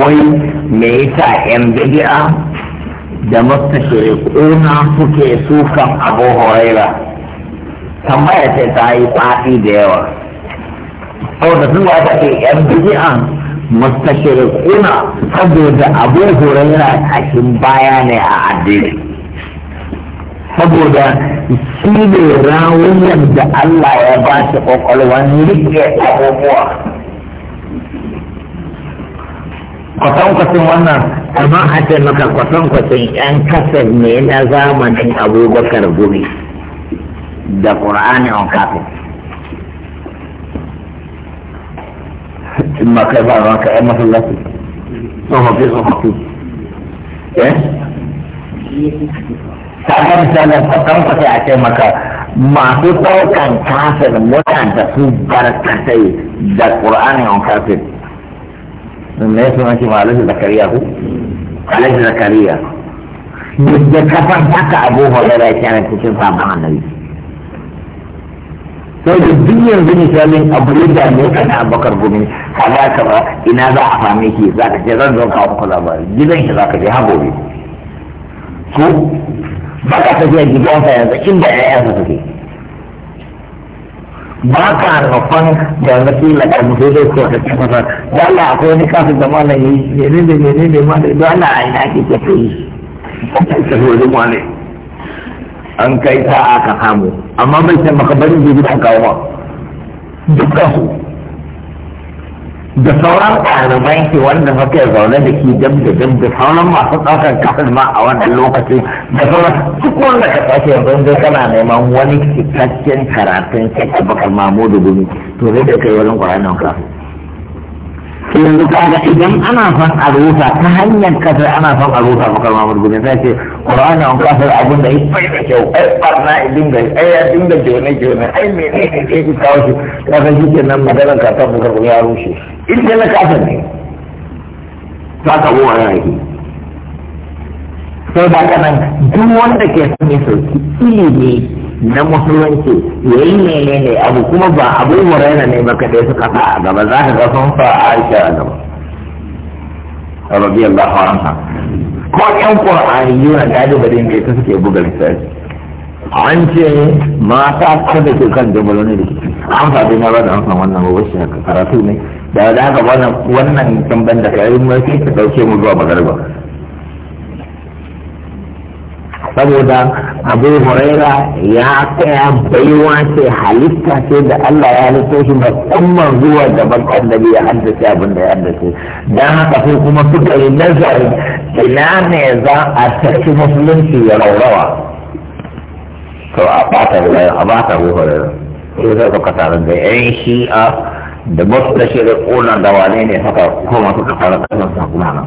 wai me yasa yan bidi'a da kuna suke sukan Abu Huraira tambaya ce ta yi faɗi da yawa saboda sun ta ce yan bid'a kuna saboda Abu a kashin baya ne a addini saboda shi ne rawuyan da Allah ya ba shi ne rike abubuwa kwatankwacin wannan amma a ce maka kwatankwacin yan kasar ne na zamanin abubakar gumi da ƙura'ani on kafin in ma kai ba ranka yan masallaci tsofaffi tsofaffi eh ta ga misalin kwatankwacin a ce maka masu ɗaukan kafin mutanta su barkatai da ƙura'ani on kafin ne suna shi ma alhaji zakariya ku alhaji zakariya da kafar haka abu hulera ya kyara cikin sabon annabi sau da duk yanzu misalin abu yadda ne ka na bakar gumi kaza ka ba ina za a same shi za ka je zan zo kawo muku labari gidan shi za ka je hago ne ko ba ka tafiya gidansa yanzu inda 'ya'yansa suke ba ka rafan da zafi la kan zai dai ko da kuma da Allah akwai wani kafin da mallan yayi ne ne ne ne ne ma da Allah ai na ke ke yi saboda mu ne an kai ta aka samu amma bai sai maka bari da ka kawo dukkan su da sauran ɗaliban ki wanda muke zaune da ki jam da jam da sauran masu ɗaukar kafin ma a wannan lokacin da sauran duk wanda ka sake yanzu kana neman wani cikakken karatun cikin bakar mamu da gumi to zai da kai wurin ƙwararren kafin yanzu kaga idan ana son a rusa ta hanyar kasar ana son a rusa maka ma murgunin sai ce qur'ani an kasar abin da ya da kyau ai barna idin ga ai ya dinga jone jone ai me ne ke kawo shi kaga shi ke nan maganar ka ta bugar ya rushe in da kasar ne za ka buwa na yi sai da kanan duk wanda ke son ya sauki ilimi na musulunci yayi ne ne abu kuma ba abu muraina ne ba kadai suka sa a gaba za ka ga sun fa Aisha a gaba radiyallahu anha ko yan qur'ani yana galibin da ta suke buga lissafi an ce mata da ke kan jabalo ne da an faɗi na ba da san wannan ba shi ka karatu ne da da haka wannan wannan tamban da kai mu sai ka dauke mu zuwa magarba saboda abu huraira ya tsaya baiwa ce halitta ce da Allah ya halitta shi musamman zuwa gaban annabi ya haddace abin da ya haddace dan haka sai kuma suka yi nazari ina ne za a tafi musulunci ya raurawa to a bata huraira a bata huraira sai zai suka tarin da yan shi'a da basu da shirin ƙunan da wane ne haka kuma suka fara kasar sakunanan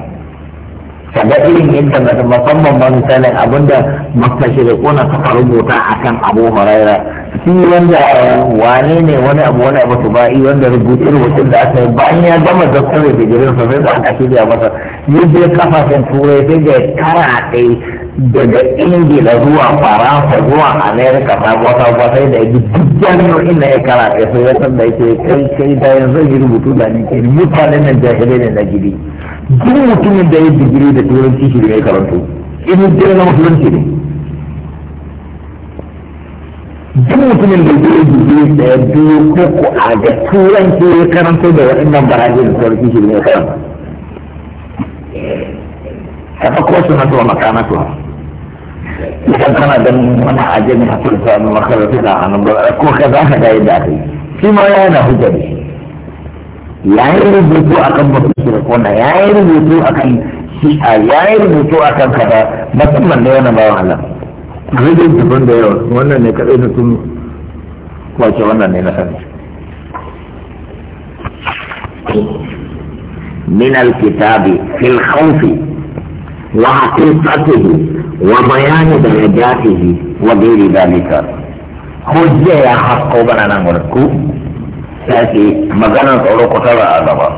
kaga irin yadda musamman ba misalin abinda mustashriquna suka rubuta kan Abu maraira shi wanda wane ne wani abu wani abu ba yi wanda rubutu rubutun da aka yi bayan ya gama zakar da bijirin sosai da aka shirya masa yadda kafafin turai sai da kara ɗaya daga ingila zuwa faransa zuwa amerika ta sabuwa sai da yaji duk jami'o na ya ya sai ya san da yake kai kai da yanzu yi rubutu da ni ke mutane nan jahilai ne na gidi duk mutumin da ya digiri da turanci shi ne karanto in dai na musulunci ne duk mutumin da yi digiri da ya biyu koko a ga turanci ya karanto da waɗannan barajin da turanci shi ne karanto haka ko suna zuwa tuwa. idan kana ganin wani ajami a kan sami makarar da hannun ba ko ka za ka da kai shi ma ya yana hujja da shi ya yi rubutu a kan batun shirkona ya yi rubutu a kan shi'a ya yi rubutu a kan kaza musamman da wani bawan Allah rubin da yawa wannan ne kaɗai na tun kwace wannan ne na sani من الكتاب في الخوف وحقيقته وبيان درجاته وغير ذلك حجة يا حق بنا نمركو سأتي مغانا تقولوا قتلا أغبا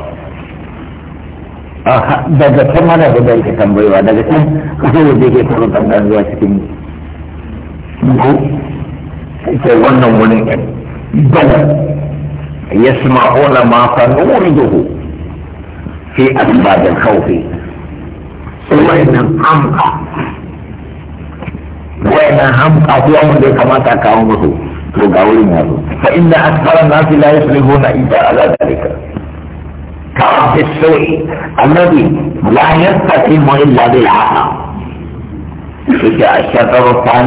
daga can mana da bai ka tambayewa daga can kasar da ke karo tambayar zuwa cikin ko ke wannan wurin ɗin bala ya suma ona ma fa nuri duhu fi asbabin kawfi sun wa'in nan amka wayannan hamka ko an kamata ka kawo musu to ga wurin ya zo fa inna akthara an la yuslihu na ida ala dalika ka fi sai annabi la yastati mu illa bil aha to ya shadaru tan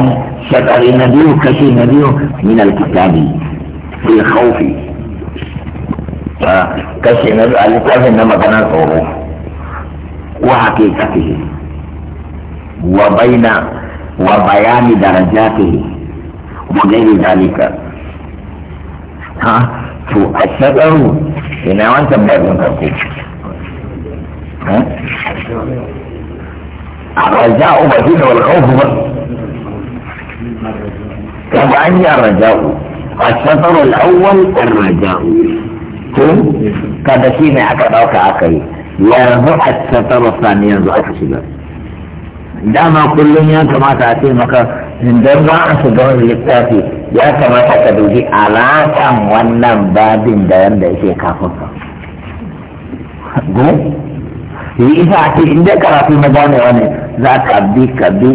shadari nabiyyu kashi nabiyyu min al kitabi fi khawfi kashe na zuwa littafin na magana tsoro wa hakikati wa baina وبيان درجاته وغير ذلك ها تؤثر هنا وانت بدون تقول ها الرجاء بديل والخوف طبعا الرجاء الشطر الاول الرجاء كم كذا شيء ما اكد اوكا اكل الشطر الثاني ينزع الشباب dama kullum ya kamata a ce maka idan za a shiga wani littafi ya kamata ka dubi alaƙan wannan babin da yadda yake kafin ka yi isa a ce inda karatu na gane wani za ka bi ka bi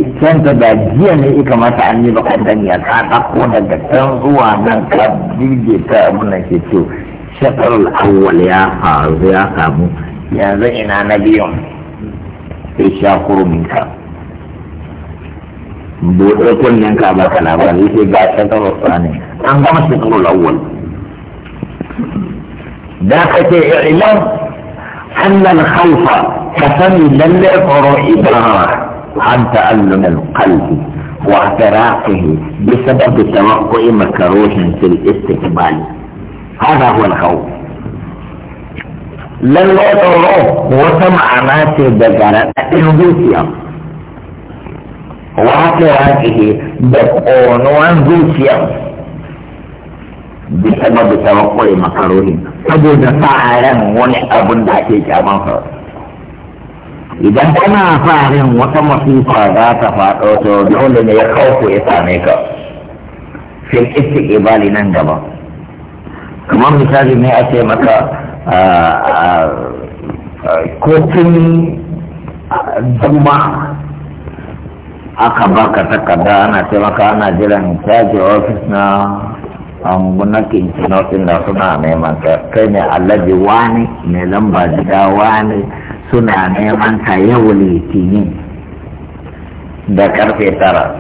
da jiya ne ya kamata an yi ba ka dan ya ka ko daga can zuwa nan ka bige ta abin ke to awwal ya faru ya samu yanzu ina na biyun sai sha kurumin بوتوكن ينكا الخوف كفن للعب إبراهيم عن تألم القلب واعتراقه بسبب توقع مكروه في الاستقبال هذا هو الخوف لن يضره وسمع ما في بجرة إنجوزيا واقعته بقونوان زوجيا بسبب توقع مكروه saboda sa wani abun da ake kyaman sa idan kana sa ran wata masifa za ta faɗo to dole ne ya kauko ya same ka fil bali nan gaba kamar misali ne maka kotun zama aka baka takarda ana taimaka ana jiran caji ofis na ambunakin ofis da suna neman ka kai ne allaji wani Ne lamba gida wani suna neman ka yau litinin da karfe tara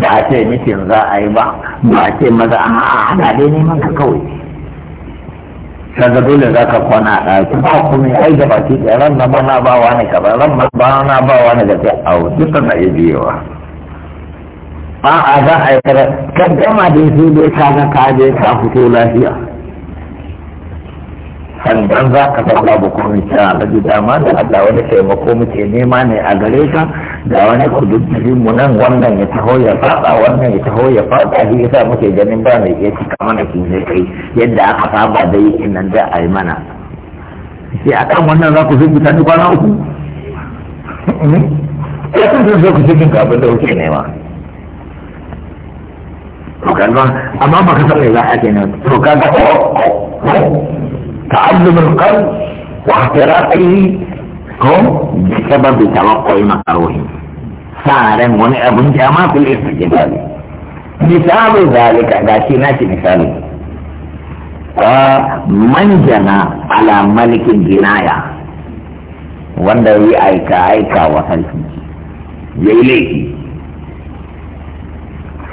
ba a ce mitin za a yi ba ba a ce maza a hada dai neman ka kawai kaga dole za ka kwana a ɗaki ba kuma ai da baki ɗaya ran na bana ba wani kaza ran na bana ba wani da A wasu ta na iya biyewa a za a yi kare ka gama da su dai ka ga ka je ka fito lafiya sannan za ka ga babu komai ta alaji dama da Allah wani taimako muke nema ne a gare ka da wani kududdufin mu nan wannan ya taho ya fada wannan ya taho ya fada shi yasa muke ganin ba mai iya cika mana shi ne kai yadda aka saba da yi nan da a yi mana sai a kan wannan za ku zubuta ni kwana uku hmm? ya kun sun zo ku cikin kafin da kuke nema to kalma amma ba ka san za a kenan to kaga ta'allumul qalb wa ihtiraqi ko da sababi tawakkoi makarohi sa'aren wani abun jama fil istijbal misali zalika shi na ki misali manjana ala malikin jinaya wanda yi aika aika wa sarki ya yi laifi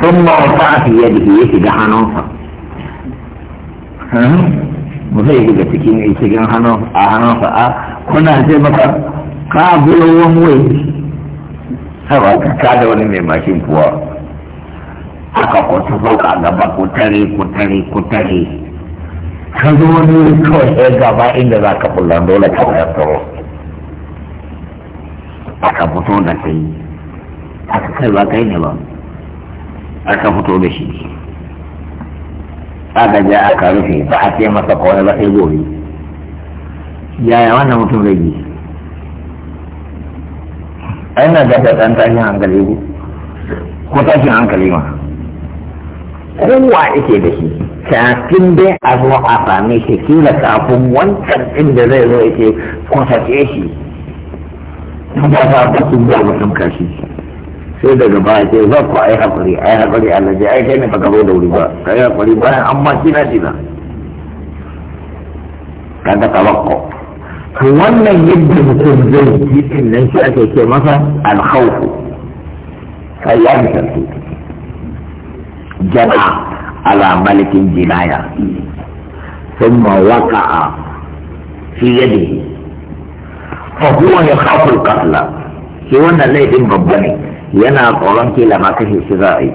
sun ma wata a fiye da ya shiga hannunsa mu zai shiga cikin shigan hannunsa a kuna ce maka ka bulo wani wai haba ka kada wani mai mashin kuwa aka kwata sauka gaba ku tare ku tare ku tare ka zo wani wuri kawai ya eh, gaba inda za ka kula dole ka bayar tsoro aka fito da kai aka kai ba kai ne ba aka fito da shi aka je aka rufe ba a ce masa kawai ba sai gobe yaya wannan mutum zai yi a yana da ta ɗan tashin hankali ku ko tashin hankali ma kowa yake da shi kafin dai a zo a same shi kila kafin wancan inda zai zo yake kwasace shi ya ba ta ba da ba mutum kashi sai daga baya ce za ku ai hakuri ai hakuri Allah ji ai kai ne baka zo da wuri ba kai hakuri bayan an ma kina kina kaga tabakko to wannan yadda mutum zai yi din nan shi ake ce masa alkhawfu kai ya misaltu jana ala malikin jinaya ثم وقع في يده ya يخاف القتل shi wannan laifin babba ne yana tsoron kila ma kashe shi za a yi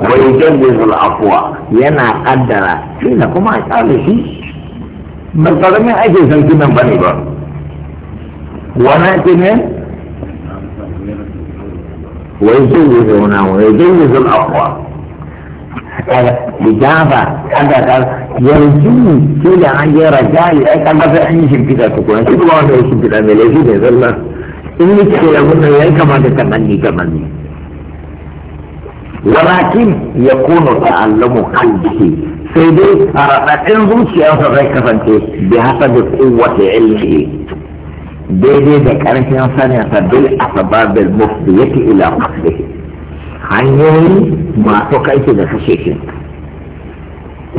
wai jan la'afuwa. yana kaddara shi na kuma a kyale shi ba ƙaramin aikin sarki nan ba ne ba wani aiki ne wai zai yi zauna wai zai yi zan akwa ijaba kada ka yanzu ke da an yi rajali ai kan kasa an yi shimfiɗa tukuna shi kuma wanda ya shimfiɗa mai laifi ne zalla in yi ke da wannan ya kamata ta manni ta manni walakin ya kono ta'allamu kalbihi sai dai a raɗaɗin zuciyarsa zai kasance bi haka da kowace ilmi daidai da ƙarfin saninsa bil asbabil mufdiyati ila qasdihi hanyoyi masu kai da kashe shi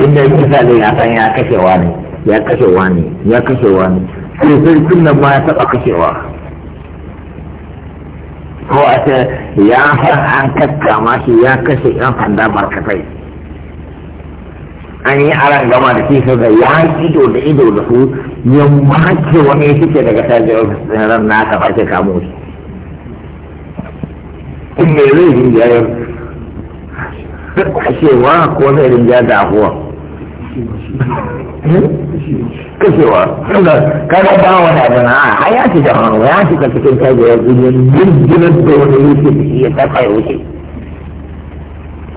inda misali ya san ya kashe wani ya kashe wani ya kashe wani sai sai kunna ma ya taɓa kashewa ko a ce ya san an kakkama shi ya kashe yan fanda barkatai an yi aran gama da shi da ya ido da ido da su ya mace wani ya fice daga tajiyar ran na ka fashe kamo shi in mai zai rinjayar kashewa ko zai rinja da abuwa kashewa kada ba wani abu na a ya ci da hannu ya ci ka cikin tajiyar duniyar jirgin da wani yake ya tafa ya wuce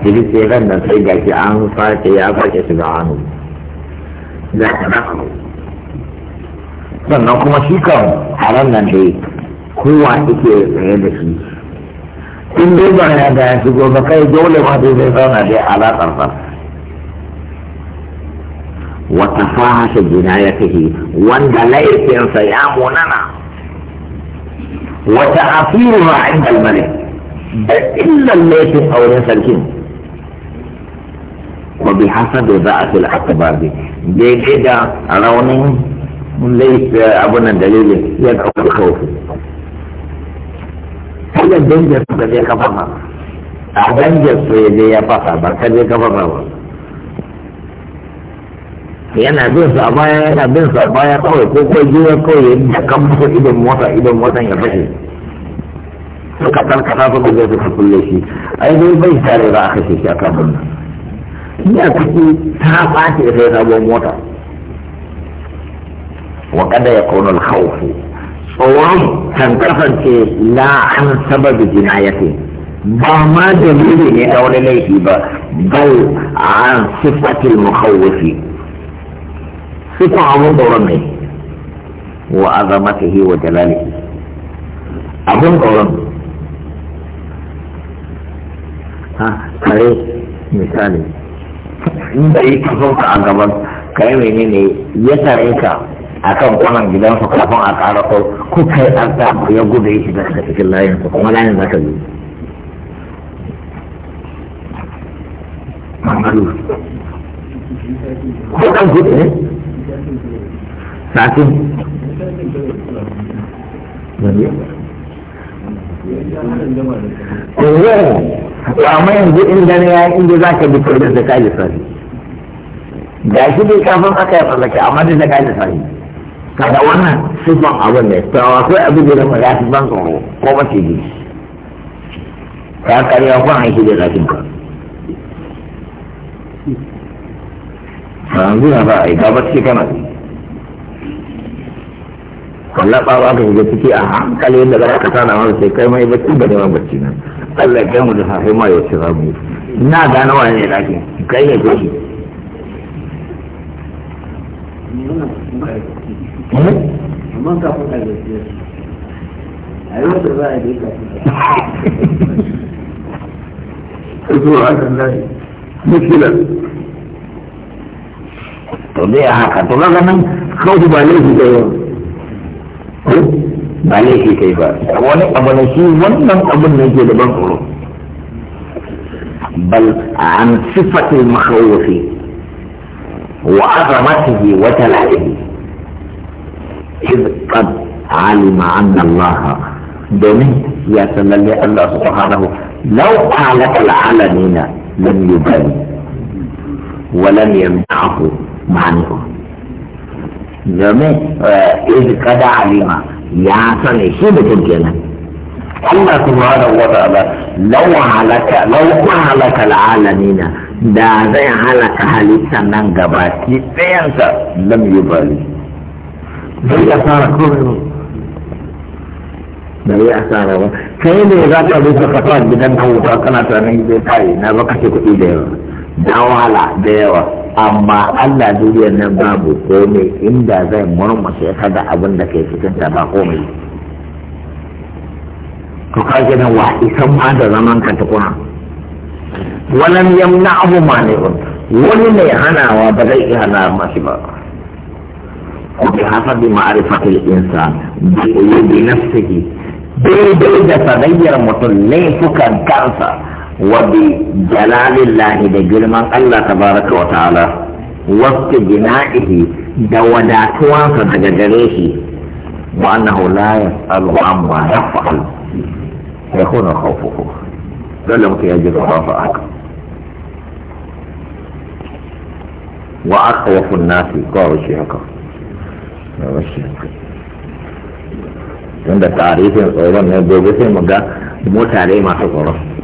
Jadi kira dan saya gaji anu saya tiap apa saya sudah anu. Dan sannan masih kau haram dan hei kuat itu tsaye Indah shi in dai ba jauh da ya shigo ba alat dole Watafah dai zai zauna dai alaƙar ba wata fahasha jinayatihi wanda laifinsa ya munana wata asiru wa bi hasadu da'afil akbari daidai da raunin laifin abunan dalilin ya ɗaukar kawai kada danjar su ka ka fasa a ya ka ka fasa yana bin su a baya yana bin su a baya kawai ko ko jiya kawai da kan musu idan mota idan mota ya fashe suka karkata su da zai suka kulle shi ai dai bai tare ba a kashe shi a kan wannan ina ciki ta ɓace sai sabon mota wa kada ya kauna alhaufu tsoron kan kasance la an sababi jinayatin ba ma dalili ne a wani laifi ba bal an sifatil mukhawwifi sifa abun tsoron ne wa azamatihi wa jalali abun tsoron ha kare misali inda yake son ka a gaban ka yi menene ya tare ka akan kwanan gidansa kafin a ƙara ko ko kai an samu ya gudu ya shiga daga cikin layin su kuma layin zaka yi ko kan gudu ne yanzu inda ne ya inda za ka bi eh, da ka yi ga shi dai kafin aka yi tsallake amma dai da kaji sani kada wannan sifan abin ne to akwai abin da zama ya fi ban tsoro ko mace ji ka ya kwan aiki da zafin ka yanzu na za a yi gaba ciki kana ji kallaɓa ba ka shiga ciki a hankali yadda za ka tana wani sai kai mai bacci ba neman bacci na Allah ya kai mu da safe ma yau shi za mu yi na gane wani ne lafi kai ne ko shi amma kafin a gaskiya a yau da za a yi kafin zuwa akan layi mutila to dai a haka to ga nan kawai ba laifi da yau ba laifi kai ba wani abu ne shi wannan abun ne ke da ban tsoro bal an sifatil makhawfi wa azamatihi wa talaihi إذ قد علم عن الله دمي يا سلالي الله سبحانه لو قالت العالمين لم يبالي ولم يمنعه معنه دمي آه، إذ قد علم يا سلالي شبه الجنة الله سبحانه وتعالى لو علك لو علك العالمين دا زي علك هل سنن لم يبالي bai asara komai ne da ya asara ba kai ne za ka rufe kasuwa gidan ka wuta kana tunanin gidan kai na ba kashe kuɗi da yawa da wahala da yawa amma Allah duniyar nan babu komai inda zai murmushe ka da abin da ke cikin ta ba komai to ka gidan wa isan ma da zaman ka tukuna walam yamna'ahu mani'un wani mai hanawa ba zai iya hana masu ba اتحاق معرفة الإنسان بنفسه نفسه بيدي تغير متليفك كأسا وبجلال الله بجرم الله تبارك وتعالى وفق بنائه دوداتوا فتجدريه وأنه لا يسأل عما يفعل يكون خوفه فلم يجد خوف أكبر وأخوف الناس قال الشيخ tunda tarifin tsoron ne gobe sai mu ga mutane masu tsoron